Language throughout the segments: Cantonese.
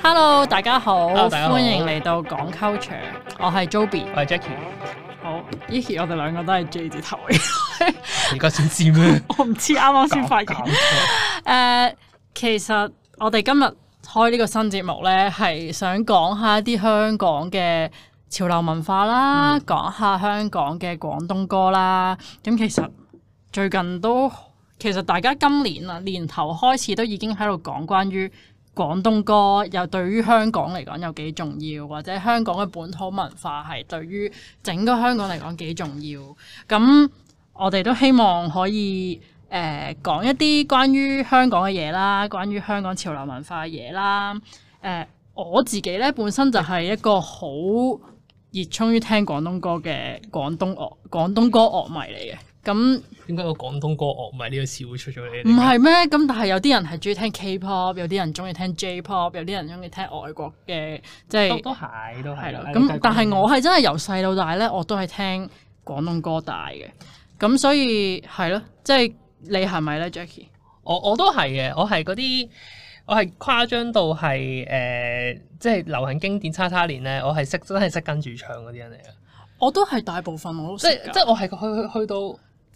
Hello，大家好，Hello，大家好歡迎嚟到講 culture、uh，我係 Jobby，我係 Jackie，好，依期，oh, 我哋兩個都係 J 字頭，而，而家先知咩？ 我唔知，啱啱先發現。誒、 呃，其實我哋今日開呢個新節目咧，係想講下一啲香港嘅潮流文化啦，嗯、講下香港嘅廣東歌啦。咁其實最近都，其實大家今年啊，年頭開始都已經喺度講關於。廣東歌又對於香港嚟講有幾重要，或者香港嘅本土文化係對於整個香港嚟講幾重要。咁我哋都希望可以誒、呃、講一啲關於香港嘅嘢啦，關於香港潮流文化嘅嘢啦。誒、呃、我自己呢本身就係一個好熱衷於聽廣東歌嘅廣東樂廣東歌樂迷嚟嘅。咁點解個廣東歌樂迷呢個詞會出咗嚟？唔係咩？咁但係有啲人係中意聽 K-pop，有啲人中意聽 J-pop，有啲人中意聽外國嘅，即係都都係都係啦。咁但係我係真係由細到大咧，我都係聽廣東歌大嘅。咁所以係咯，即係你係咪咧，Jacky？我我都係嘅，我係嗰啲我係誇張到係誒，即係流行經典叉叉年咧，我係識真係識跟住唱嗰啲人嚟嘅。我都係大部分我都識即即我係去去去到。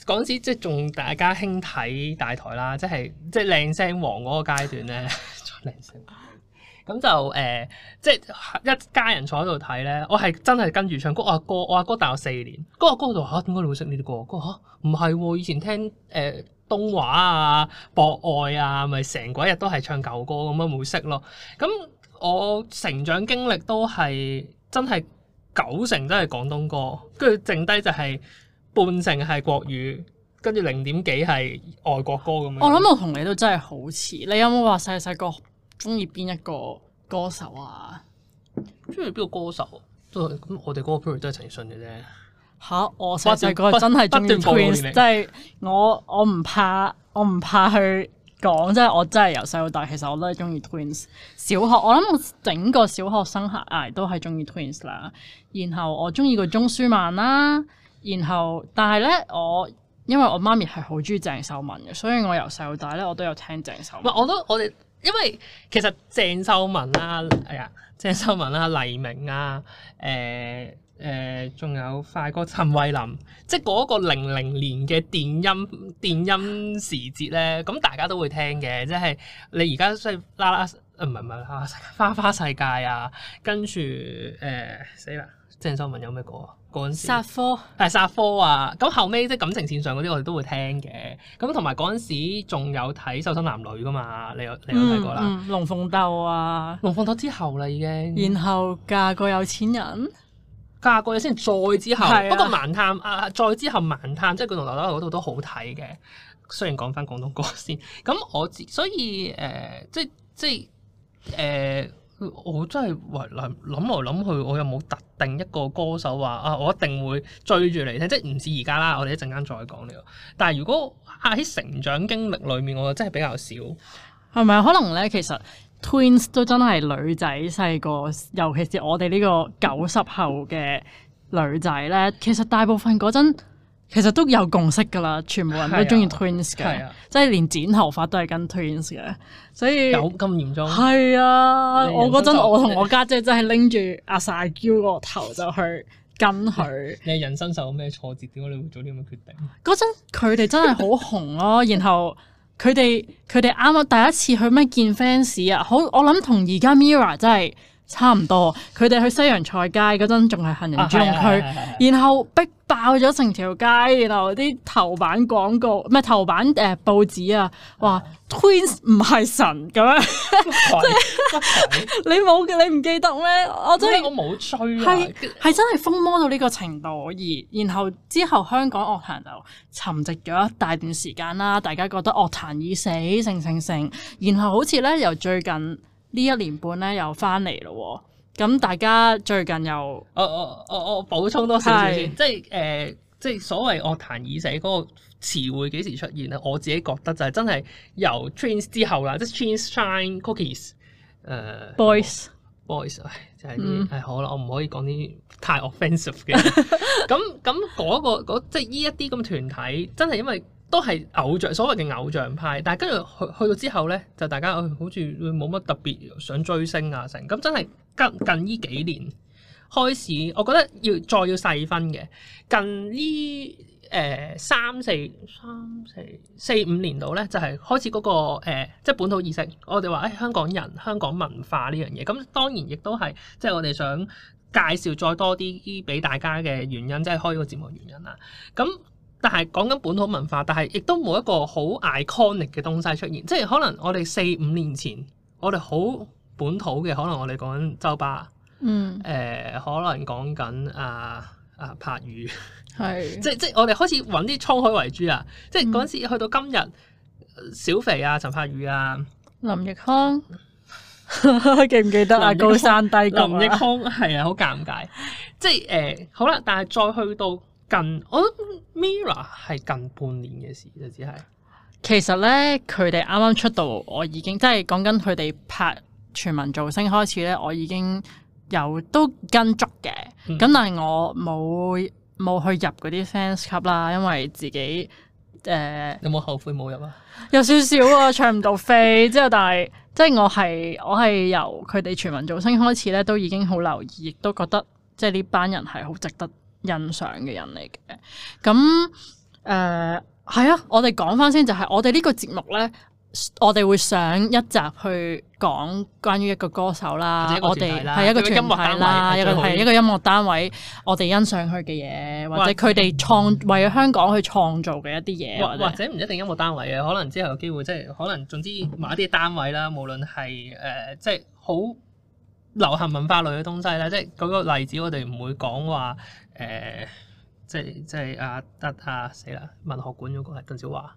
嗰陣時即係仲大家興睇大台啦，即係即係靚聲王嗰個階段咧，咁 就誒、呃、即係一家人坐喺度睇咧。我係真係跟住唱歌，我阿哥我阿哥大我四年，哥、那、阿、個、哥就話嚇，點解你會識呢啲歌？哥話唔係，以前聽誒、呃、東華啊、博愛啊，咪成鬼日都係唱舊歌咁樣，冇識咯。咁我成長經歷都係真係九成都係廣東歌，跟住剩低就係、是。半成係國語，跟住零點幾係外國歌咁樣。我諗我同你都真係好似。你有冇話細細個中意邊一個歌手啊？中意邊個歌手？都咁我哋嗰個 period 都係陳奕迅嘅啫。嚇！我細細個真係中意即係我我唔怕我唔怕去講，即係我真係由細到大，其實我都係中意 Twins。小學我諗我整個小學生生涯都係中意 Twins 啦。然後我中意個鍾舒漫啦。 然後，但係咧，我因為我媽咪係好中意鄭秀文嘅，所以我由細到大咧，我都有聽鄭秀文。唔係，我都我哋，因為其實鄭秀文啦，係啊，鄭、哎、秀文啦、啊，黎明啊，誒、呃、誒，仲、呃、有快歌陳慧琳，即係嗰個零零年嘅電音電音時節咧，咁大家都會聽嘅，即係你而家即係啦啦，唔係唔係啦啦，花花世界啊，跟住誒死啦，鄭、呃、秀文有咩歌啊？殺科，係、欸、殺科啊！咁後尾即係感情線上嗰啲，我哋都會聽嘅。咁同埋嗰陣時仲有睇《瘦身男女》噶嘛？你有你有睇過啦，嗯《嗯嗯、龍鳳鬥》啊，《龍鳳鬥》之後啦已經。然後嫁個有錢人，嫁個有錢人再之後，啊、不過盲探啊！再之後盲探，即係佢同劉德華嗰套都好睇嘅。雖然講翻廣東歌先，咁我自所以誒、呃，即係即係誒。我真係嚟諗來諗去，我有冇特定一個歌手話啊，我一定會追住嚟聽，即係唔似而家啦。我哋一陣間再講呢個。但係如果喺成長經歷裏面，我真係比較少，係咪可能咧？其實 Twins 都真係女仔細個，尤其是我哋呢個九十後嘅女仔咧，其實大部分嗰陣。其實都有共識噶啦，全部人都中意 twins 嘅，係啊，即係連剪頭髮都係跟 twins 嘅，所以，有咁嚴重？係啊，我嗰陣我同我家姐真係拎住阿曬嬌個頭就去跟佢。你人生受咗咩挫折？點解你會做啲咁嘅決定？嗰陣佢哋真係好紅咯，然後佢哋佢哋啱啱第一次去咩見 fans 啊？好，我諗同而家 Mirror 真係。差唔多，佢哋去西洋菜街嗰陣仲係行人專用區，啊、然後逼爆咗成條街，然後啲頭版廣告唔係頭版誒、呃、報紙啊，話 Twins 唔係神咁樣，你冇嘅，你唔記得咩？我真係我冇追啊，係係真係瘋魔到呢個程度而然後之後香港樂壇就沉寂咗一大段時間啦，大家覺得樂壇已死，成成成，然後好似咧由最近。呢一年半咧又翻嚟咯喎，咁大家最近又，我我我我補充多少少先，即係誒，即係所謂樂壇已死嗰個詞彙幾時出現咧？我自己覺得就係真係由 Twins 之後啦，即係 Twins、呃、Shine、Cookies 誒，Boys、Boys，唉就係啲係好啦，我唔可以講啲太 offensive 嘅。咁咁嗰個即係呢一啲咁嘅團體，真係因為。都係偶像，所謂嘅偶像派，但係跟住去去到之後咧，就大家、哎、好似會冇乜特別想追星啊成，咁真係近近呢幾年開始，我覺得要再要細分嘅近、呃、3, 4, 3, 4, 呢誒三四三四四五年度咧，就係、是、開始嗰、那個、呃、即係本土意識，我哋話誒香港人、香港文化呢樣嘢，咁當然亦都係即係我哋想介紹再多啲啲俾大家嘅原因，即係開呢個節目原因啦，咁。但係講緊本土文化，但係亦都冇一個好 iconic 嘅東西出現，即係可能我哋四五年前，我哋好本土嘅，可能我哋講緊周巴，嗯，誒、呃，可能講緊啊啊柏宇，係是，即係即係我哋開始揾啲滄海遺珠啊，即係嗰陣時、嗯、去到今日，小肥啊，陳柏宇啊，林奕康 記唔記得啊？林奕康，高山低谷，林奕康，係啊，好尷尬，即係誒，好、呃、啦，但係再去到。近我覺得 Mirror 係近半年嘅事，就只係其實咧，佢哋啱啱出道，我已經即係講緊佢哋拍全民造星開始咧，我已經有都跟足嘅。咁但係我冇冇去入嗰啲 fans club 啦，因為自己誒、呃、有冇後悔冇入啊？有少少啊，唱唔到飛之後， 但係即係我係我係由佢哋全民造星開始咧，都已經好留意，亦都覺得即係呢班人係好值得欣賞嘅人嚟嘅，咁誒係啊！我哋講返先，就係、是、我哋呢個節目咧，我哋會上一集去講關於一個歌手啦，或者啦我哋係一,一,一個音樂單位啦，係一個音樂單位，我哋欣賞佢嘅嘢，或者佢哋創為香港去創造嘅一啲嘢，或者唔一定音樂單位嘅，嗯、可能之後有機會即係可能，總之某啲單位啦，無論係誒、呃、即係好流行文化類嘅東西咧，即係舉、嗰個例子我，我哋唔會講話。誒，即係即係阿德阿死啦！文學館嗰個係鄧小華，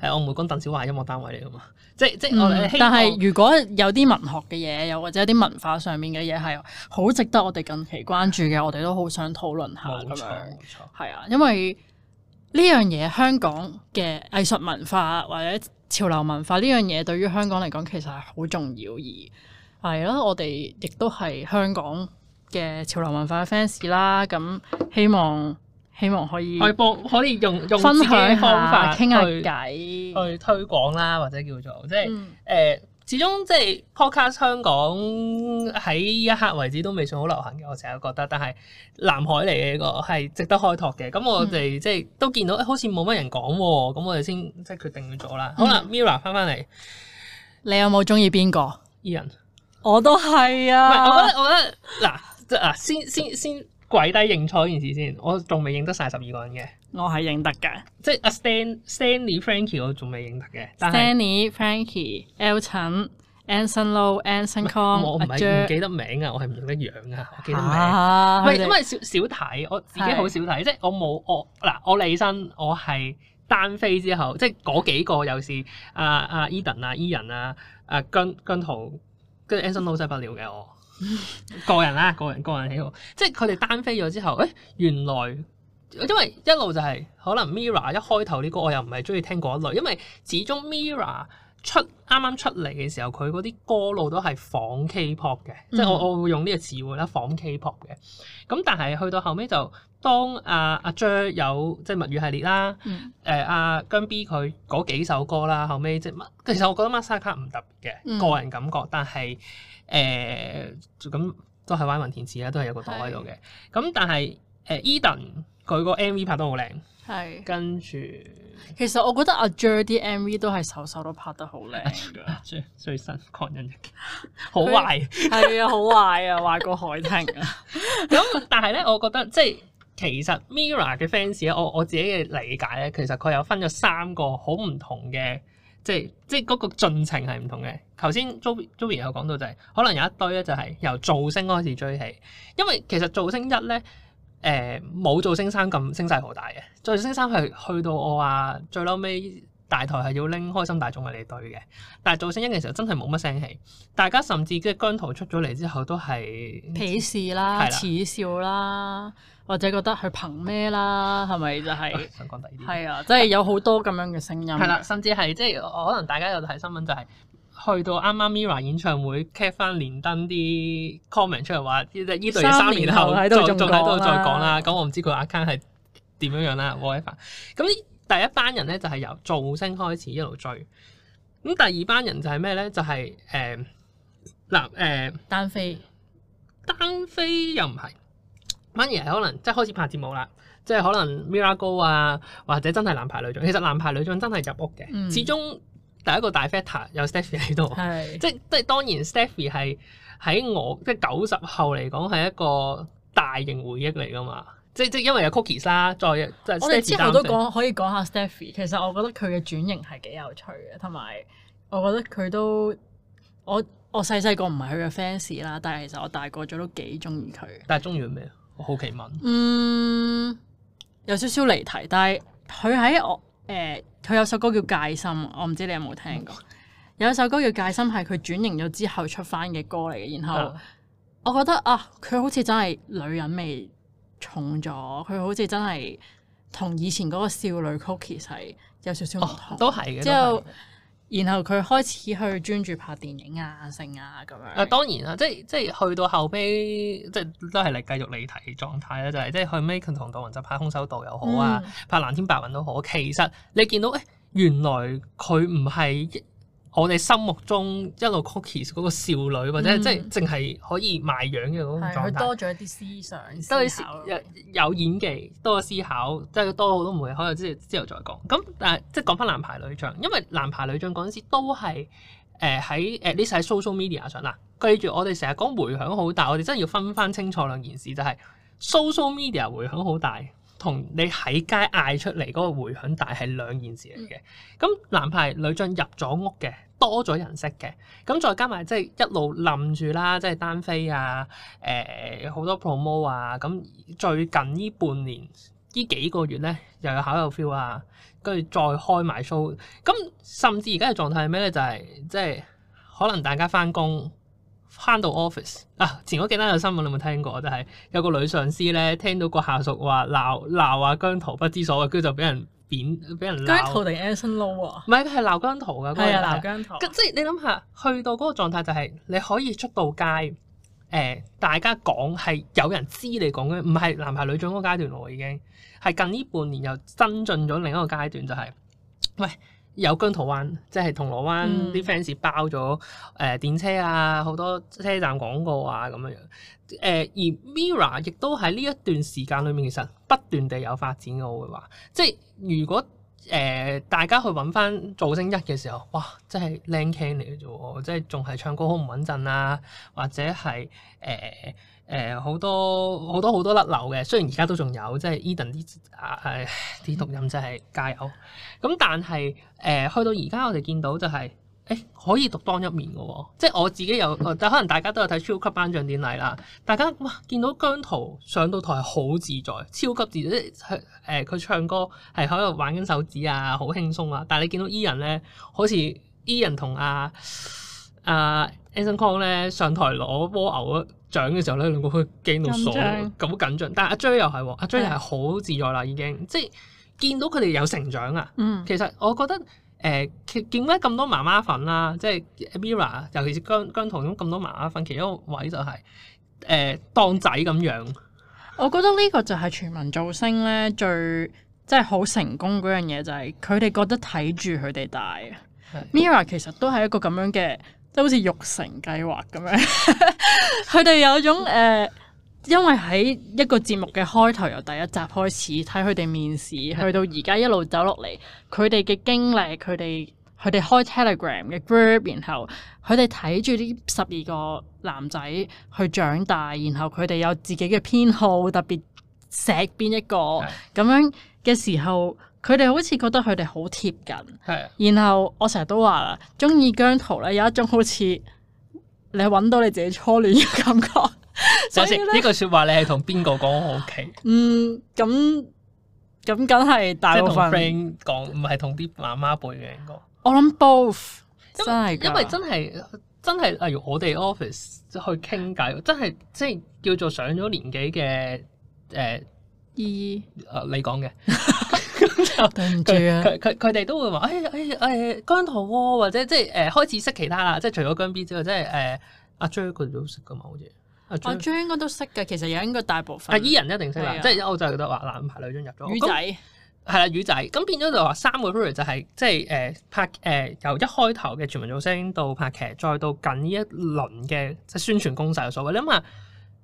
係我唔會講鄧小華音樂單位嚟㗎嘛。即係即係我，但係如果有啲文學嘅嘢，又或者啲文化上面嘅嘢，係好值得我哋近期關注嘅，我哋都好想討論下咁樣。係啊，因為呢樣嘢香港嘅藝術文化或者潮流文化呢樣嘢，對於香港嚟講其實係好重要而係咯、啊。我哋亦都係香港嘅潮流文化嘅 fans 啦，咁希望希望可以可以播可以用用分享方法傾下偈去推廣啦，或者叫做即係誒、嗯呃，始終即係 podcast 香港喺呢一刻為止都未算好流行嘅，我成日覺得，但係南海嚟嘅呢個係值得開拓嘅。咁我哋即係都見到好似冇乜人講喎，咁、嗯嗯、我哋先即係決定咗啦。好啦、嗯嗯，Mira 翻翻嚟，你有冇中意邊個？e 人我都係啊，我覺得我覺得嗱。即啊，先先先跪低認錯件事先，我仲未認得晒十二個人嘅。我係認得嘅，即係啊 Stan、Stanley、Frankie 我仲未認得嘅。Stanley、Frankie、Elton、Anson Lo、Anson Kong 我唔係唔記得名啊，我係唔記得樣啊。我記得名。嚇、啊！唔係因為少少睇，我自己好少睇，是即係我冇我嗱我立起身，我係單飛之後，即係嗰幾個有時阿 Eden 啊 Ian 啊啊姜姜濤跟住 Anson Lo 真係不了嘅我。 個人啦，個人個人喜好，即係佢哋單飛咗之後，誒、哎，原來因為一路就係、是、可能 MIRROR 一開頭啲歌我又唔係中意聽嗰一類，因為始終 MIRROR 出啱啱出嚟嘅時候，佢嗰啲歌路都係仿 K-pop 嘅，pop 嗯、哼即係我我會用呢個詞語啦，仿 K-pop 嘅，咁但係去到後尾就。當阿、啊、阿、啊、J、er、有即係物語系列啦，誒阿、嗯啊、姜 B 佢嗰幾首歌啦，後尾即係乜，其實我覺得《Master Class》唔特別嘅個人感覺，但係誒咁都係 Wyman 填詞啦，都係有個袋喺度嘅。咁對但係誒、啊、Eden 佢個 MV 拍得好靚。係跟住其實我覺得阿 J 啲 MV 都係首首都拍得好靚， 最新國人好壞係啊，好壞啊，壞過 海聽啊。咁 但係咧，我覺得即係。就是其實 Mirror 嘅 fans 我我自己嘅理解咧，其實佢有分咗三個好唔同嘅，即係即係嗰個進程係唔同嘅。頭先 Joby Joby 有講到就係、是，可能有一堆咧就係由造星開始追起，因為其實造星一咧，誒冇造星三咁聲勢好大嘅。造星三係、呃、去到我話最嬲尾大台係要拎開心大眾嚟對嘅，但係造星一嘅時候真係冇乜聲氣，大家甚至即係姜濤出咗嚟之後都係鄙視啦、恥的笑啦。或者覺得佢憑咩啦？係咪就係、想講第二啲？係 啊，即係有好多咁樣嘅聲音。係啦、 啊，甚至係即係可能大家有睇新聞就係、是、去到啱啱 Mira 演唱會，cap 翻連登啲 comment 出嚟話，即係依度三年後，仲仲喺度再講啦。咁、啊、我唔知佢 account 係點樣樣啦 whatever，咁呢第一班人咧就係由造星開始一路追。咁第二班人就係咩咧？就係誒嗱誒單飛，單飛又唔係。反而可能即係開始拍節目啦，即係可能 Mirror 哥啊，或者真係男排女將。其實男排女將真係入屋嘅。嗯、始終第一個大 fans 有 Stephy 喺度，即係即係當然 Stephy 係喺我即係九十後嚟講係一個大型回憶嚟㗎嘛。即係即係因為有 Cookie 啦、啊，再我哋之後都講可以講下 Stephy，其實我覺得佢嘅轉型係幾有趣嘅，同埋我覺得佢都我我細細個唔係佢嘅 fans 啦，但係其實我大個咗都幾中意佢。但係中意咩啊？我好奇問，嗯，有少少離題，但係佢喺我誒，佢、呃、有首歌叫《戒心》，我唔知你有冇聽過。嗯、有一首歌叫《戒心》，係佢轉型咗之後出翻嘅歌嚟嘅。然後我覺得啊，佢、啊、好似真係女人味重咗，佢好似真係同以前嗰個少女曲奇係有少少唔同。哦、都係嘅。之後。然後佢開始去專注拍電影啊，剩啊咁樣。誒、啊、當然啦，即係即係去到後尾，即係都係嚟繼續離題狀態啦，就係、是、即係後尾佢同杜汶澤就拍《空手道》又好啊，嗯、拍《藍天白雲》都好。其實你見到誒、哎，原來佢唔係一我哋心目中一個 cookies 嗰個少女，或者即係淨係可以賣樣嘅嗰個狀態，嗯、多咗一啲思想思，多有，有演技，多思考，即係多好多唔同可能。之後之後再講。咁但係即係講翻男排女將，因為男排女將嗰陣時都係誒喺誒你成日 social media 上啦。記住，我哋成日講回響好大，我哋真係要分翻清楚兩件事，就係 social media 回響好大。同你喺街嗌出嚟嗰個迴響大係兩件事嚟嘅，咁、嗯、男排女將入咗屋嘅，多咗人識嘅，咁再加埋即係一路冧住啦，即係單飛啊，誒、呃、好多 promo 啊，咁最近呢半年呢幾個月咧又有考有 feel 啊，跟住再開埋 show，咁甚至而家嘅狀態係咩咧？就係、是、即係可能大家返工。翻到 office 啊，前嗰幾單有新聞你有冇聽過？就係、是、有個女上司咧，聽到個下屬話鬧鬧阿姜濤不知所謂，跟住就俾人扁俾人鬧。姜濤定 Anson Lo 喎？唔係佢係鬧姜濤噶。係啊，鬧姜濤。即係你諗下，去到嗰個狀態就係你可以出到街，誒、呃、大家講係有人知你講嘅，唔係男排女將嗰個階段咯，已經係近呢半年又增進咗另一個階段，就係、是、喂。有姜濤灣，即係銅鑼灣啲 fans 包咗誒電車啊，好多車站廣告啊咁樣樣。誒、呃、而 Mirror 亦都喺呢一段時間裏面，其實不斷地有發展嘅。我會話，即係如果。誒、呃，大家去揾翻造星一嘅時候，哇！真係靚 k 嚟嘅啫，即係仲係唱歌好唔穩陣啊，或者係誒誒好多好多好多甩漏嘅。雖然而家都仲有，即係 Edan 啲啊啲讀音真係加油。咁但係誒、呃，去到而家我哋見到就係、是。誒可以獨當一面嘅喎、哦，即係我自己有，但可能大家都有睇超級頒獎典禮啦。大家哇，見到姜濤上到台好自在，超級自在，即係誒佢唱歌係喺度玩緊手指啊，好輕鬆啊。但係你見到 Ian 咧，好似 Ian 同阿、啊、阿、啊、Anson Kong 咧上台攞蝸牛嘅獎嘅時候咧，兩個佢驚到傻，咁緊張。但係阿 J 又係、哦，阿 J 係好自在啦，已經、嗯、即係見到佢哋有成長啊。其實我覺得。誒，點解咁多媽媽粉啦、啊？即係 Mira，尤其是姜姜濤咁多媽媽粉，其中一個位就係、是、誒、呃、當仔咁樣。我覺得呢個就係、是、全民造星咧最即係好成功嗰樣嘢，就係佢哋覺得睇住佢哋大啊。的 Mira 其實都係一個咁樣嘅，即係好似育成計劃咁樣，佢 哋有種誒。呃因為喺一個節目嘅開頭，由第一集開始睇佢哋面試，去到而家一路走落嚟，佢哋嘅經歷，佢哋佢哋開 Telegram 嘅 group，然後佢哋睇住啲十二個男仔去長大，然後佢哋有自己嘅偏好，特別錫邊一個咁的樣嘅時候，佢哋好似覺得佢哋好貼近。的然後我成日都話啦，中意姜濤咧有一種好似你揾到你自己初戀嘅感覺。首先 呢句說話，你係同邊個講好奇？嗯，咁咁梗係大 n d 講唔係同啲媽媽背嘅應該。寶寶我諗 both 真係，因為真係真係例如我哋 office 去傾偈，真係即係叫做上咗年紀嘅誒姨。姨、呃， 你講說嘅，咁 就對唔住啊。佢佢哋都會話誒誒誒，姜頭、哦、或者即係誒開始識其他啦，即係除咗姜 B 之外，即係誒、呃、阿 j 佢、er、哋都識噶嘛，好似。阿張應該都識嘅，其實有應該大部分。阿伊人一定識啦，即係我就係覺得話男排女將入咗。魚仔係啦，魚仔咁變咗就話三個 period 就係即係誒拍誒由一開頭嘅全民造星到拍劇，再到近呢一輪嘅即係宣傳攻勢有所謂。你諗下，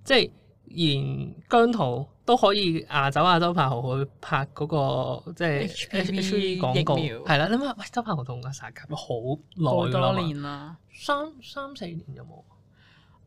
即係連姜濤都可以亞走，亞周柏豪去拍嗰個即係 HME 廣告係啦。你諗下，喂，周柏豪同阿沙卡好耐啦嘛，三三四年有冇？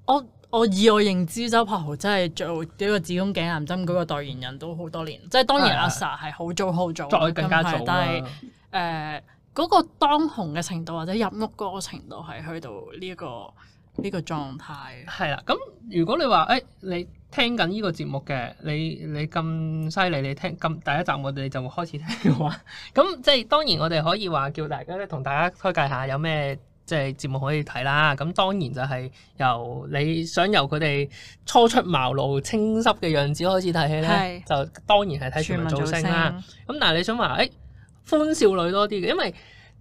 我。我以我認知，周柏豪真係做呢個子宮頸癌針嗰個代言人都好多年，即係當然阿 Sa 係好早好早、啊，再更加早、啊。但係誒嗰個當紅嘅程度或者入屋嗰個程度係去到呢、呢個呢、呢個狀態。係啦、啊，咁如果你話誒、欸、你聽緊呢個節目嘅，你你咁犀利，你聽咁第一集我哋就會開始聽嘅話，咁 即係當然我哋可以話叫大家咧，同大家推介下有咩？即係節目可以睇啦，咁當然就係由你想由佢哋初出茅廬、青澀嘅樣子開始睇起咧，是就當然係睇全民造星啦。咁但係你想話誒、哎、歡笑女多啲嘅，因為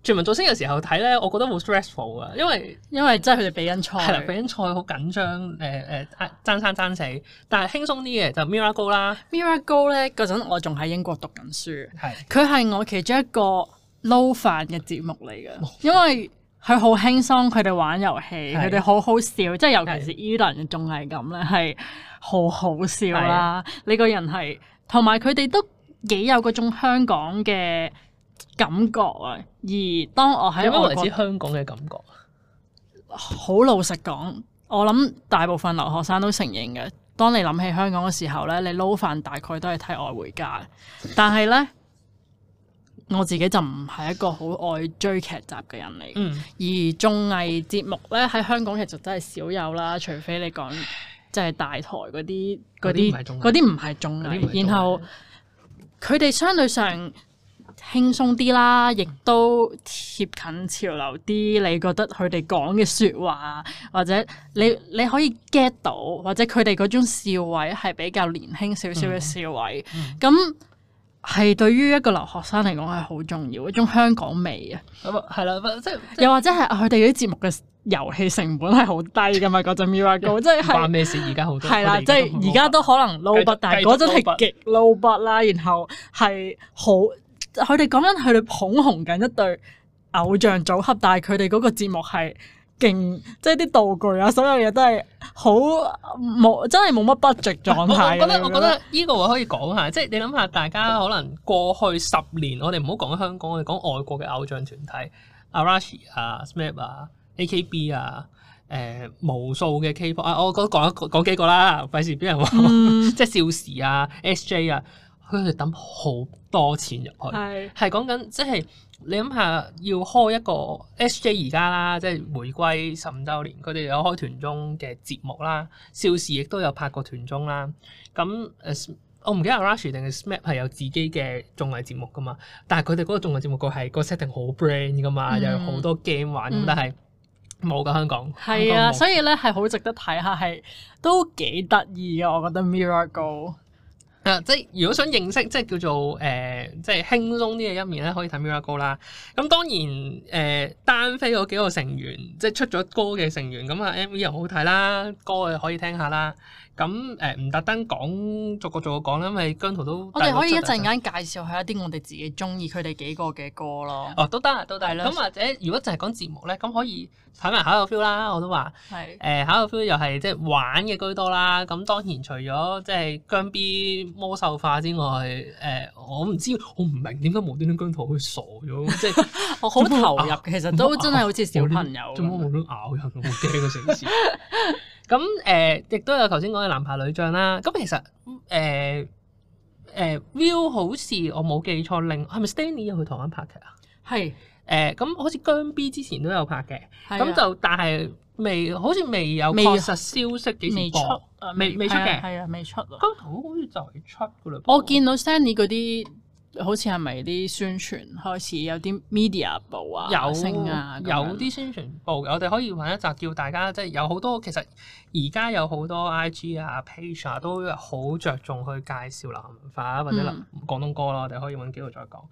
全民造星嘅時候睇咧，我覺得好 stressful 啊，因為因為即係佢哋比緊賽，嗯、比緊賽好緊張，誒、呃、誒、呃呃呃、爭生爭死。但係輕鬆啲嘅就是、MIRROR 啦，MIRROR 咧嗰陣我仲喺英國讀緊書，係佢係我其中一個撈飯嘅節目嚟嘅，因為。佢好輕鬆，佢哋玩遊戲，佢哋好好笑，即係是的 尤其是 Edan 仲係咁咧，係好好笑啦！是的 你個人係，同埋佢哋都幾有嗰種香港嘅感覺啊！而當我喺有咩嚟自香港嘅感覺？好老實講，我諗大部分留學生都承認嘅。當你諗起香港嘅時候咧，你撈飯大概都係睇外回家，但係咧。 我自己就唔係一個好愛追劇集嘅人嚟。嗯、而綜藝節目咧，喺香港其實真係少有啦，除非你講即係大台嗰啲嗰啲嗰啲唔係綜藝，然後佢哋相對上輕鬆啲啦，亦都貼近潮流啲。你覺得佢哋講嘅說話或者你你可以 get 到，或者佢哋嗰種笑位係比較年輕少少嘅笑位，咁、嗯。嗯係對於一個留學生嚟講係好重要，一種香港味啊，咁係啦，即、嗯、係、嗯嗯、又或者係佢哋啲節目嘅遊戲成本係好低噶嘛？嗰陣 《MIRROR GO》即係辦咩事，而家好多係啦，即係而家都可能 low B 但係嗰陣係極 low B 啦，然後係好，佢哋講緊佢哋捧紅緊一對偶像組合，但係佢哋嗰個節目係。勁，即係啲道具啊，所有嘢都係好冇，真係冇乜 budget 狀態，我，我覺得，覺得我覺得呢個話可以講下，即係你諗下，大家可能過去十年，我哋唔好講香港，我哋講外國嘅偶像團體，Arashi 啊、SMAP 啊、AKB 啊，誒、呃、無數嘅 K-pop 啊，我講講講幾個啦，費事俾人話，嗯、即係少時啊、SJ 啊，佢哋抌好多錢入去，係講緊即係。你諗下，要開一個 SJ 而家啦，即係回歸十五周年，佢哋有開團綜嘅節目啦。少時亦都有拍過團綜啦。咁誒、啊啊，我唔記得 Rush 定係 SMAP 係有自己嘅綜藝節目噶嘛？但係佢哋嗰個綜藝節目個係個 setting 好 brand 噶嘛，又、嗯、有好多 game 玩，咁但係冇噶香港。係啊，所以咧係好值得睇下，係都幾得意啊。我覺得 Miracle。啊！即係如果想認識即係叫做誒、呃，即係輕鬆啲嘅一面咧，可以睇 MIRROR 歌啦。咁當然誒、呃，單飛嗰幾個成員，即係出咗歌嘅成員，咁啊 MV 又好睇啦，歌又可以聽下啦。咁誒唔特登講，逐個逐個講啦，因為姜濤都我哋可以一陣間介紹下一啲我哋自己中意佢哋幾個嘅歌咯。哦，都得，都得。咁或者如果就係講節目咧，咁可以睇埋《考個 feel》啦。我都話係誒《考個 feel》又係即係玩嘅居多啦。咁當然，除咗即係姜 B 魔獸化之外，誒我唔知我唔明點解無端端姜濤會傻咗，即係我好投入，其實都真係好似小朋友。做乜冇都咬人，我唔驚個城市。咁誒，亦都、嗯嗯嗯、有頭先講嘅男排女將啦。咁其實誒誒，Will 好似我冇記錯，令，係咪 Stanley 有去台灣拍劇啊？係誒是，咁、呃、好似姜 B 之前都有拍嘅。咁就的但係未，好似未有確實消息幾時出？未未出嘅，係啊，未，未，未出啊。姜 B 好似就係出噶啦。那我見到 Stanley 嗰啲。好似係咪啲宣傳開始有啲 media 報啊聲啊，有啲宣傳報，我哋可以揾一集叫大家，即係有好多其實而家有好多 IG 啊 page 啊都好着重去介紹流行文化或者流廣東歌咯，我哋可以揾機會再講。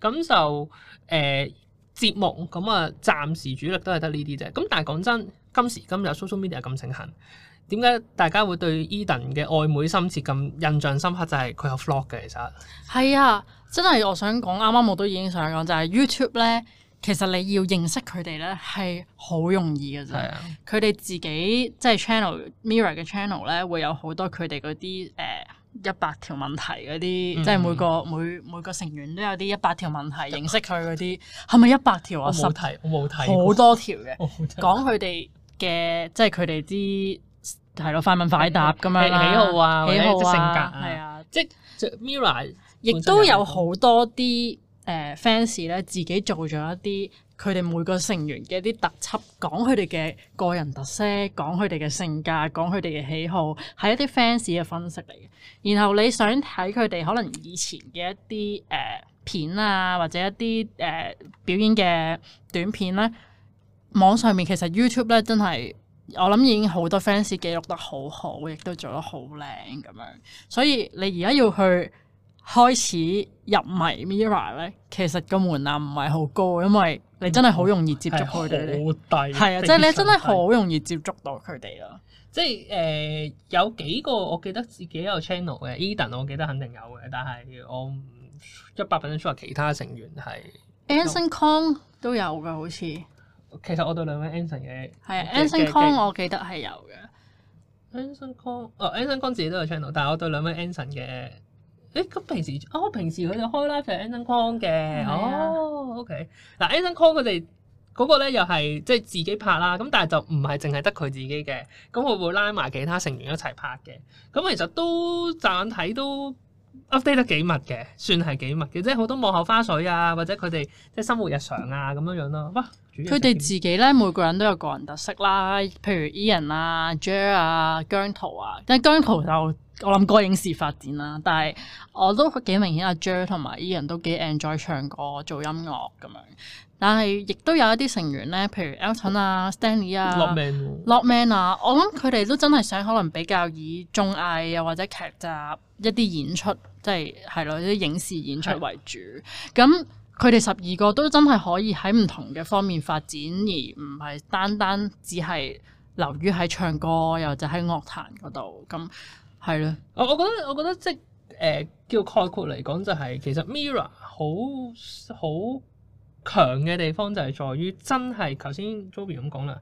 咁就誒、呃、節目咁啊，暫時主力都係得呢啲啫。咁但係講真，今時今日 social media 咁盛行，點解大家會對 Edan 嘅愛妹深切咁印象深刻？就係、是、佢有 Vlog 嘅其實。係啊。真係我想講，啱啱我都已經想講，就係、是、YouTube 咧，其實你要認識佢哋咧係好容易嘅啫。佢哋是的 自己即係 Ch channel Mirror 嘅 channel 咧，會有好多佢哋嗰啲誒一百條問題嗰啲，即係、嗯、每個每每個成員都有啲一百條問題，認識佢嗰啲係咪一百條啊？十題，我冇睇好多條嘅，講佢哋嘅即係佢哋啲係咯，快問快答咁樣喜好啊，喜好啊，性格係啊，即係 Mirror。亦都有好多啲誒 fans 咧，自己做咗一啲佢哋每個成員嘅一啲特輯，講佢哋嘅個人特色，講佢哋嘅性格，講佢哋嘅喜好，係一啲 fans 嘅分析嚟嘅。然後你想睇佢哋可能以前嘅一啲誒、呃、片啊，或者一啲誒、呃、表演嘅短片咧，網上面其實 YouTube 咧真係，我諗已經好多 fans 記錄得好好，亦都做得好靚咁樣，所以你而家要去開始入迷 Mirror 咧，其實個門檻唔係好高，因為你真係好容易接觸佢哋。好、嗯、低。係啊的，即係、就是、你真係好容易接觸到佢哋咯。即係誒、呃，有幾個我記得自己有 channel 嘅 Eden，我記得肯定有嘅，但係我一百 percent 話其他成員係。Anson Kong 都有㗎，好似。其實我對兩位 Anson 嘅係 Anson Kong，我記得係有嘅。Anson Kong，哦 Anson Kong 自己都有 channel，但係我對兩位 Anson 嘅。誒咁平時，哦平時佢哋開 live 係 Anson Kong 嘅，嗯、哦、啊嗯、OK，嗱 Anson Kong 佢哋嗰個咧又係即係自己拍啦，咁但係就唔係淨係得佢自己嘅，咁會唔會拉埋其他成員一齊拍嘅，咁、嗯、其實都驟眼睇都 update 得幾密嘅，算係幾密嘅，即係好多幕後花絮啊，或者佢哋即係生活日常啊咁樣樣咯，哇！佢哋自己咧，每個人都有個人特色啦。譬如 Ian 啊、Jer 啊、姜濤啊，但姜濤就、啊、我諗過影視發展啦。但係我都幾明顯，阿、啊、Jer 同埋 Ian 都幾 enjoy 唱歌、做音樂咁樣。但係亦都有一啲成員咧，譬如 Alton 啊、嗯、Stanley 啊、Lokman 啊，我諗佢哋都真係想可能比較以綜藝又或者劇集一啲演出，即係係咯啲影視演出為主咁。的佢哋十二個都真係可以喺唔同嘅方面發展，而唔係單單只係留於喺唱歌，又或者喺樂壇嗰度。咁係咯，我我覺得我覺得即係誒、呃、叫概括嚟講，就係、是、其實 Mirror 好好強嘅地方就係在於真係頭先 Zoby 咁講啦，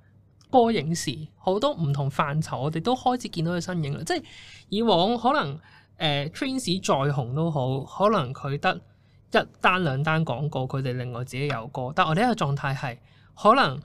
歌、影、視好多唔同範疇，我哋都開始見到佢身影啦。即係以往可能誒 Twins 再紅都好，可能佢得。一單兩單廣告，佢哋另外自己有個，但係我呢個狀態係可能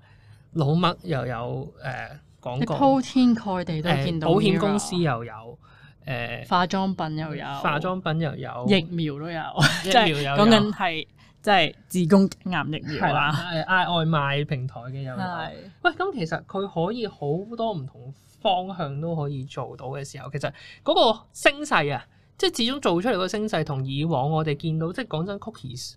老麥又有誒廣告，鋪、呃、天蓋地都見到。保險公司又有誒，呃、化妝品又有，化妝品又有，又有疫苗都有，即係講緊係即係自供癌疫苗係啦，嗌吧、啊、外賣平台嘅又。係，喂，咁其實佢可以好多唔同方向都可以做到嘅時候，其實嗰個聲勢啊！即係始終做出嚟個聲勢同以往我哋見到，即係講真，cookies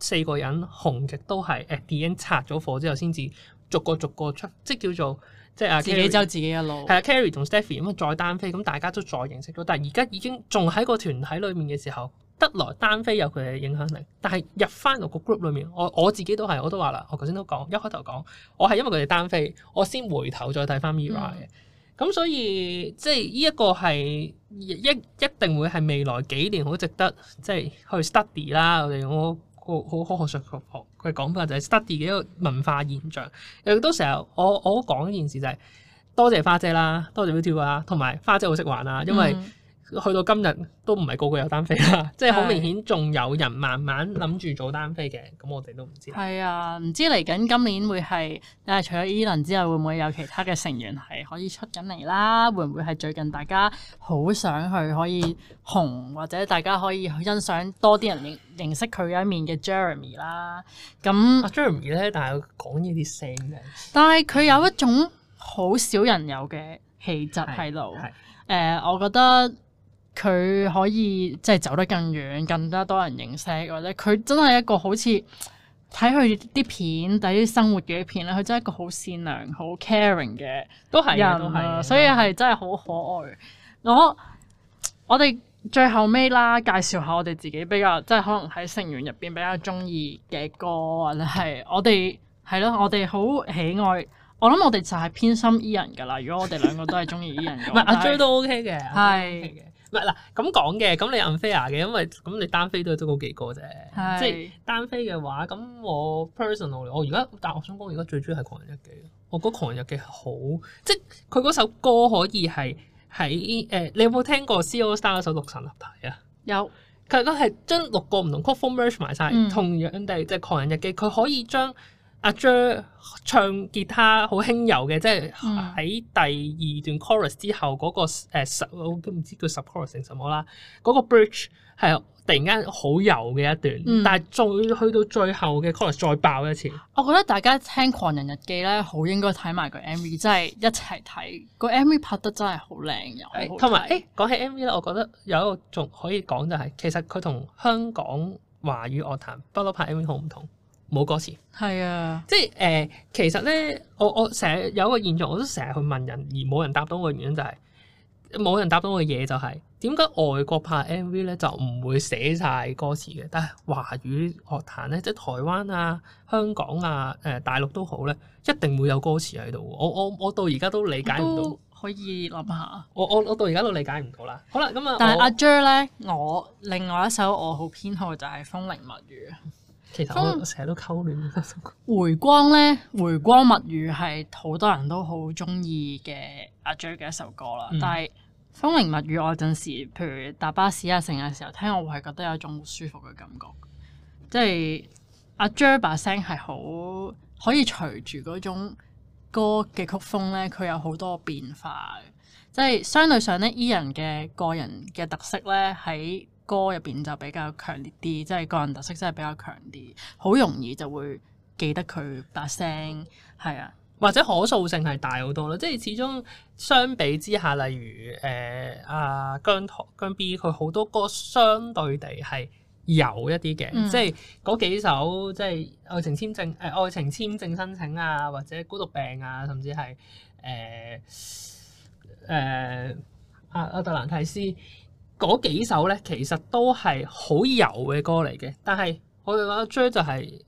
四個人紅極都係誒，已經拆咗夥之後先至逐個逐個出，即係叫做即係啊。自己走自己一路。係啊 Carry 同 Stephie 咁啊，再單飛，咁大家都再認識咗。但係而家已經仲喺個團體裏面嘅時候，得來單飛有佢嘅影響力。但係入翻到個 group 裏面，我我自己都係，我都話啦，我頭先都講，一開頭講，我係因為佢哋單飛，我先回頭再睇翻 Mirror、嗯。咁所以即係呢一個係一一定會係未來幾年好值得即係去 study 啦。我哋我個好學術學佢講法就係 study 嘅一個文化現象。有好多時候我我講一件事就係、是，多謝花姐啦，多謝 Bella 啦，同埋花姐好識玩啦，因為。去到今日都唔係個個有單飛啦，即係好明顯仲有人慢慢諗住做單飛嘅，咁的我哋都唔知。係啊，唔知嚟緊今年會係，但係除咗 Ian 之外，會唔會有其他嘅成員係可以出緊嚟啦？會唔會係最近大家好想去可以紅，或者大家可以欣賞多啲人認認識佢嘅一面嘅 Jeremy 啦？咁阿、啊、Jeremy 咧，但係講呢啲聲嘅。但係佢有一種好少人有嘅氣質喺度，誒、呃，我覺得。佢可以即係走得更遠，更加多人認識，或者佢真係一個好似睇佢啲片，睇啲生活嘅片咧，佢真係一個好善良、好 caring 嘅人啦。所以係真係好可愛。我我哋最後尾啦，介紹下我哋自己比較即係可能喺成員入邊比較中意嘅歌，或者係我哋係咯，我哋好喜愛。我諗我哋就係偏心 E 人噶啦。如果我哋兩個都係中意 E 人，唔 是是阿 J 都 OK 嘅，係。唔係嗱，咁講嘅，咁你暗飛啊嘅，因為咁你單飛都係得嗰幾個啫。是即係單飛嘅話，咁我 personally 我而家但係我想講，而家最中意係狂人日記。我覺得狂人日記好，即係佢嗰首歌可以係喺誒，你有冇聽過 C AllStar 嗰首六神合體啊？有，佢都係將六個唔同曲風 merge 埋晒。同樣地即係狂人日記，佢可以將。阿 j、er、唱吉他好輕柔嘅，即係喺第二段 chorus 之後嗰、那個、呃、我都唔知叫 support 定什麼啦。嗰、那個 bridge 係突然間好柔嘅一段，但係再去到最後嘅 chorus 再爆一次。我覺得大家聽《狂人日記》咧，好應該睇埋個 MV，真係一齊睇、那個 MV 拍得真係好靚又。同埋，誒、欸、講起 MV 咧，我覺得有一個仲可以講就係、是，其實佢同香港華語樂壇不嬲拍 MV 好唔同。冇歌詞，係啊，即係誒、呃，其實咧，我我成日有個現象，我都成日去問人，而冇人答到我嘅原因就係、是、冇人答到我嘅嘢就係點解外國拍 MV 咧就唔會寫晒歌詞嘅？但係華語樂壇咧，即係台灣啊、香港啊、誒、呃、大陸都好咧，一定會有歌詞喺度。我我我到而家都理解唔到，可以諗下。我我我到而家都理解唔到啦。好啦，咁啊。但係阿 J 咧、er，我另外一首我好偏好就係、是《風鈴物語》。其實我成日都溝亂、嗯、 回光咧，回光物語係好多人都好鍾意嘅阿 J 嘅一首歌啦。嗯、但係風鈴物語我有陣時，譬如搭巴士啊，成日嘅時候聽，我會係覺得有一種好舒服嘅感覺。即係阿 J 把聲係好可以隨住嗰種歌嘅曲風咧，佢有好多變化嘅。即係相對上咧，e 人嘅個人嘅特色咧喺歌入邊就比較強烈啲，即係個人特色真係比較強啲，好容易就會記得佢把聲，係啊，或者可塑性係大好多咯。即係始終相比之下，例如誒阿、呃啊、姜濤姜 B，佢好多歌相對地係柔一啲嘅，嗯，即係嗰幾首即係愛情簽證誒愛情簽證申，申請啊，或者孤獨病啊，甚至係誒誒阿阿特蘭蒂斯。嗰幾首咧，其實都係好柔嘅歌嚟嘅，但係我哋覺得 Jer、就係、是、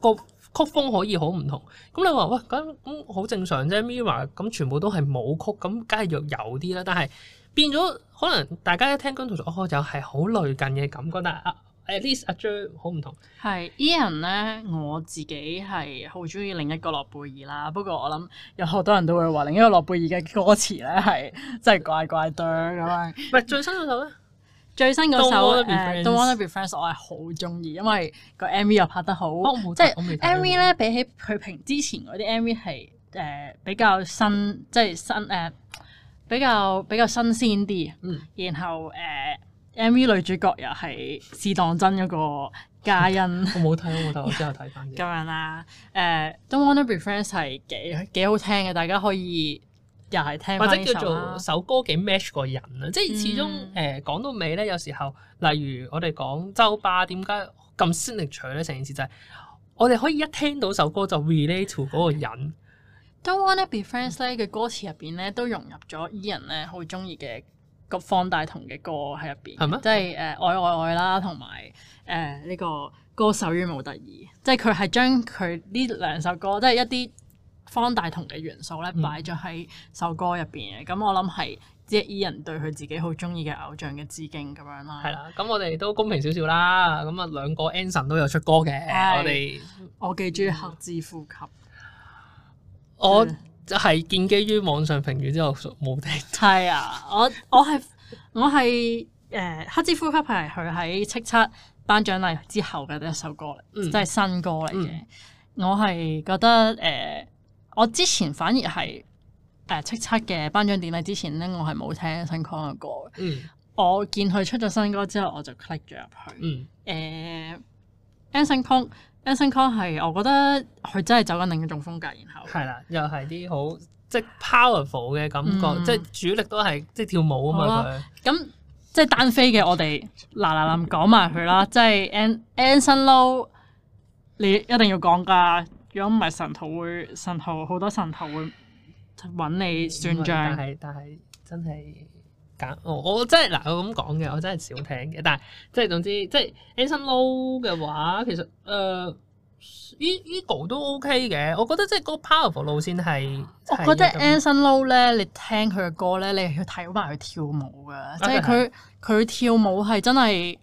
個曲風可以好唔同。咁你話喂，咁咁好正常啫。Mirror 咁全部都係舞曲，咁梗係若柔啲啦。但係變咗，可能大家一聽《Guns》就係好累近嘅感覺，但係。At least 阿 J 好、er, 唔同，係 Eason 咧，我自己係好中意另一個諾貝爾啦。不過我諗有好多人都會話另一個諾貝爾嘅歌詞咧，係真係怪怪哚咁。唔喂，最新嗰首咧，最新嗰首《Don't Wanna Be Friends》uh, 我係好中意，因為個 MV 又拍得好，即係是 MV 咧比起佢平之前嗰啲 MV 係誒、呃、比較新，即係新誒、呃、比較比較新鮮啲。嗯、然後誒。呃 MV 女主角又係試當真嗰個嘉欣， 我冇睇啊，但係我之後睇翻嘅。咁 樣啦，誒、uh,《Don't Wanna Be Friends》係幾幾好聽嘅，大家可以又係聽或者叫做首歌幾 match 個人啊！即係、嗯、始終誒講、呃、到尾咧，有時候例如我哋講周霸點解咁 signature 咧，成件事就係我哋可以一聽到首歌就 relate to 嗰個人。《Don't Wanna Be Friends》咧嘅歌詞入邊咧都融入咗 Ian 咧好中意嘅。個方大同嘅歌喺入邊，係咩？嗎即係誒、呃、愛愛愛啦，同埋誒呢個歌手與模特兒，即係佢係將佢呢兩首歌，即係一啲方大同嘅元素咧，擺咗喺首歌入邊嘅。咁、嗯、我諗係即係 Ian 對佢自己好中意嘅偶像嘅致敬咁樣啦。係啦、啊，咁我哋都公平少少啦。咁啊兩個 Anson 都有出歌嘅，是我哋們我記住《黑字呼吸》，嗯。我就係建基於網上評語之後，冇聽。係 啊，我我係我係誒黑之呼吸係佢喺叱吒頒獎禮之後嘅一首歌嚟，即係、嗯、新歌嚟嘅。嗯、我係覺得誒、呃，我之前反而係誒叱吒嘅頒獎典禮之前咧，我係冇聽 Anson Kong 嘅歌嘅。嗯，我見佢出咗新歌之後，我就 click 咗入去。嗯，誒、嗯，Anson Kong、呃。Anson Kong 係，我覺得佢真係走緊另一種風格，然後係啦，又係啲好即 powerful 嘅感覺，嗯、即主力都係即跳舞啊嘛佢。咁、嗯、即單飛嘅我哋嗱嗱臨講埋佢啦， 即 An Anson Lo，你一定要講噶，如果唔係神徒會神徒好多神徒會揾你算賬。但係但係真係。我真係嗱，我咁講嘅，我真係少聽嘅。但係即係總之，即係 Anson Lo 嘅話，其實呢個都 OK 嘅。我覺得即係嗰個 powerful 路線係。就是、我覺得 Anson Lo 咧，你聽佢嘅歌咧，你係要睇埋佢跳舞㗎。即係佢佢跳舞係真係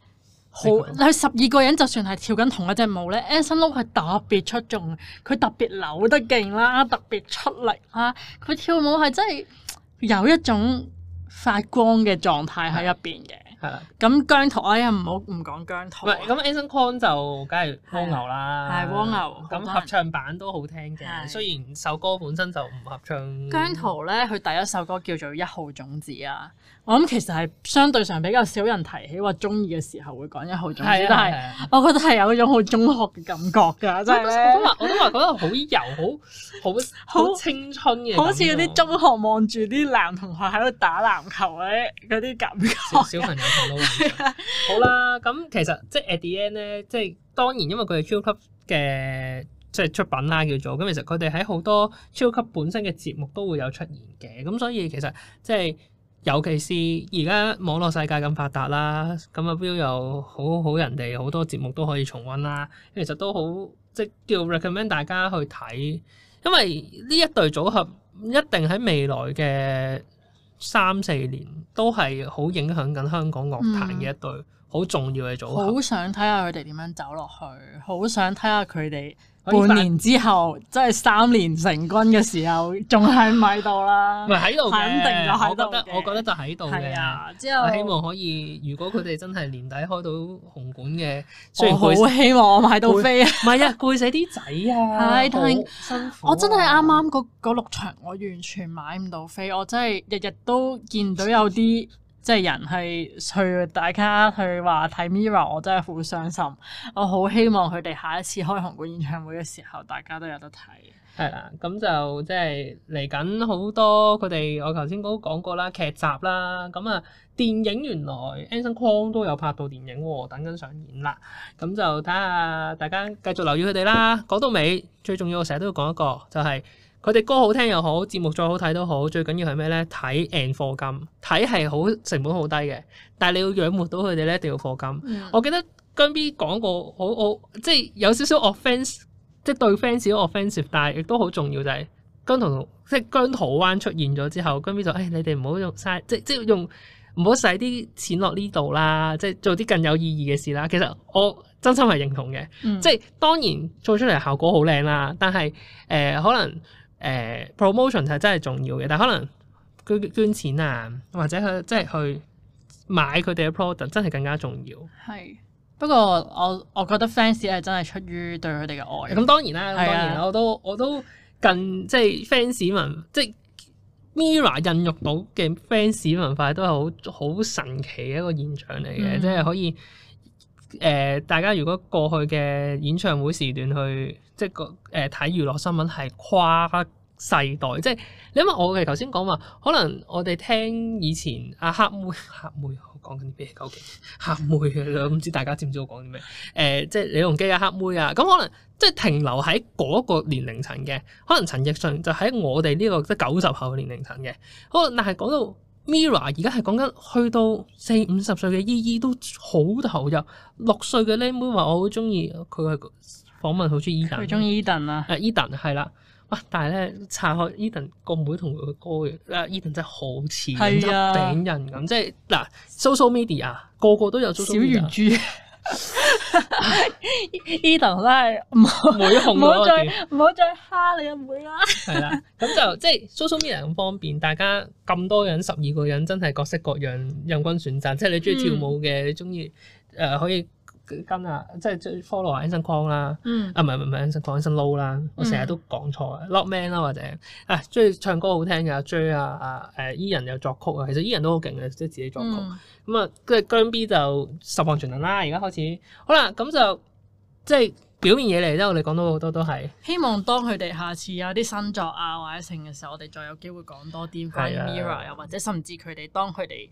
好。佢十二個人就算係跳緊同一隻舞咧 ，Anson Lo 係特別出眾，佢特別扭得勁啦，特別出力啊！佢跳舞係真係有一種。發光嘅狀態喺入邊嘅，係啦的。咁姜濤呀，唔好唔講姜濤。唔係咁，Anson Kong 就梗係蝸牛啦。係蝸牛。咁合唱版都好聽嘅，的雖然首歌本身就唔合唱。姜濤咧，佢第一首歌叫做《一號種子》啊。我諗其實係相對上比較少人提起話中意嘅時候會講一號總之，但係我覺得係有一種好中學嘅感覺噶， 真係。我都話，我都話覺得 好油，好好好青春嘅，好似嗰啲中學望住啲男同學喺度打籃球咧，嗰啲咁。小朋友睇到 好啦，咁、嗯、其實即係 at the end 咧，即係當然因為佢係超級嘅即係出品啦叫做。咁其實佢哋喺好多超級本身嘅節目都會有出現嘅，咁所以其實即係。尤其是而家網絡世界咁發達啦，咁啊 Viu 又好好，人哋好多節目都可以重温啦，其實都好即叫 recommend 大家去睇，因為呢一對組合一定喺未來嘅三四年都係好影響緊香港樂壇嘅一對好重要嘅組合。好、嗯、想睇下佢哋點樣走落去，好想睇下佢哋。半年之後，即係三年成軍嘅時候，仲唔喺度啦。唔係喺度肯定就喺度。我覺,我覺得就喺度嘅。之後我希望可以，如果佢哋真係年底開到紅館嘅，雖然我好希望我買到飛，唔係啊攰死啲仔啊！係、啊，太辛苦、 啊啊、我真係啱啱嗰六場，我完全買唔到飛，我真係日日,日日都見到有啲。 即係人係去大家去話睇 Mirror，我真係好傷心。我好希望佢哋下一次開紅館演唱會嘅時候，大家都有得睇。係啦，咁就即係嚟緊好多佢哋。我頭先都講過啦，劇集啦，咁啊電影原來 Anson Kong 都有拍到電影喎，等緊上演啦。咁就睇下大家繼續留意佢哋啦。講到尾，最重要我成日都要講一個，就係、是。佢哋歌好聽又好，節目再好睇都好，最緊要係咩咧？睇 and 課金，睇係好成本好低嘅，但係你要養活到佢哋咧，一定要課金。Mm hmm. 我記得姜 B 講過，好好即係有少少 offense 即係對 fans 都 offensive，但係亦都好重要就係姜濤即係姜濤灣出現咗之後，姜 B 就誒、哎、你哋唔好用嘥，即即係用唔好使啲錢落呢度啦，即係做啲更有意義嘅事啦。其實我真心係認同嘅，mm hmm. 即係當然做出嚟效果好靚啦，但係誒、呃、可能。誒 promotion 係真係重要嘅，但係可能捐捐錢啊，或者去即係去買佢哋嘅 product，真係更加重要。係，不過我我覺得 fans 係真係出於對佢哋嘅愛。咁當然啦，當然啦，我都我都近即係 fans 文即係 Mirror 孕育到嘅 fans 文化都係好好神奇嘅一個現象嚟嘅，嗯、即係可以。誒、呃，大家如果過去嘅演唱會時段去，即係個誒睇娛樂新聞係跨世代，即係你因為我哋頭先講話，可能我哋聽以前阿黑妹，黑妹講緊啲咩？究竟黑妹，我唔知大家知唔知我講啲咩？誒、呃，即係李龍基啊，黑妹啊，咁、嗯、可能即係停留喺嗰個年齡層嘅，可能陳奕迅就喺我哋呢個即係九十後年齡層嘅，好，但係講到。Mira 而家係講緊去到四五十歲嘅姨姨都好投入，六歲嘅靚妹話我好中意佢係訪問好中意 Edan，佢中意 Edan 啊，係 Edan 係啦。哇！但係咧查開 Edan 個妹同佢個哥嘅，咧 Edan 真係好似鈕餅人咁，即係嗱 social media 啊，個個都有做小圓珠。呢同 都係唔好唔好再唔好 再蝦 你阿妹啦。係啦， 咁就即係 social media 咁方便，大家咁多人，十二個人真係各式各樣，任君選擇。即係你中意跳舞嘅，嗯、你中意誒可以。跟即、 嗯、啊，即係追 follow 阿 Anson Kong 啦、嗯，啊唔係唔係 Anson Kong Anson Lo 啦，我成日都講錯啊，Lockman 啦或者啊，追唱歌好聽㗎，追啊啊誒 Ian 又作曲啊，其實 Ian 都好勁嘅，即係自己作曲。咁啊、嗯，跟住姜 B 就十項全能啦，而家開始好啦，咁就即係。表面嘢嚟啫，我哋講到好多都係希望，當佢哋下次有啲新作啊，或者成嘅時候，我哋再有機會講多啲關於 Mirror，又的或者甚至佢哋當佢哋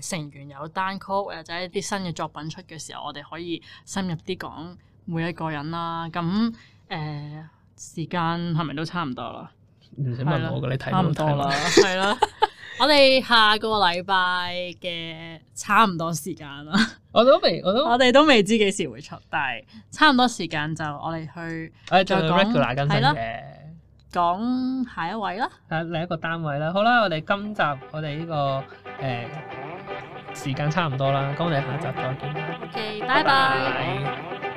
誒成員有單曲或者一啲新嘅作品出嘅時候，我哋可以深入啲講每一個人啦。咁誒、呃、時間係咪都差唔多啦？唔使問我嘅，的你睇唔到啦，係啦。 我哋下個禮拜嘅差唔多時間啦，我都未，我都我哋都未知幾時會出，但係差唔多時間就我哋去我哋最，我哋再講係咯，講下一位啦，啊另一個單位啦，好啦，我哋今集我哋呢、這個誒、呃、時間差唔多啦，咁我哋下一集再見啦！拜拜、okay。Bye bye。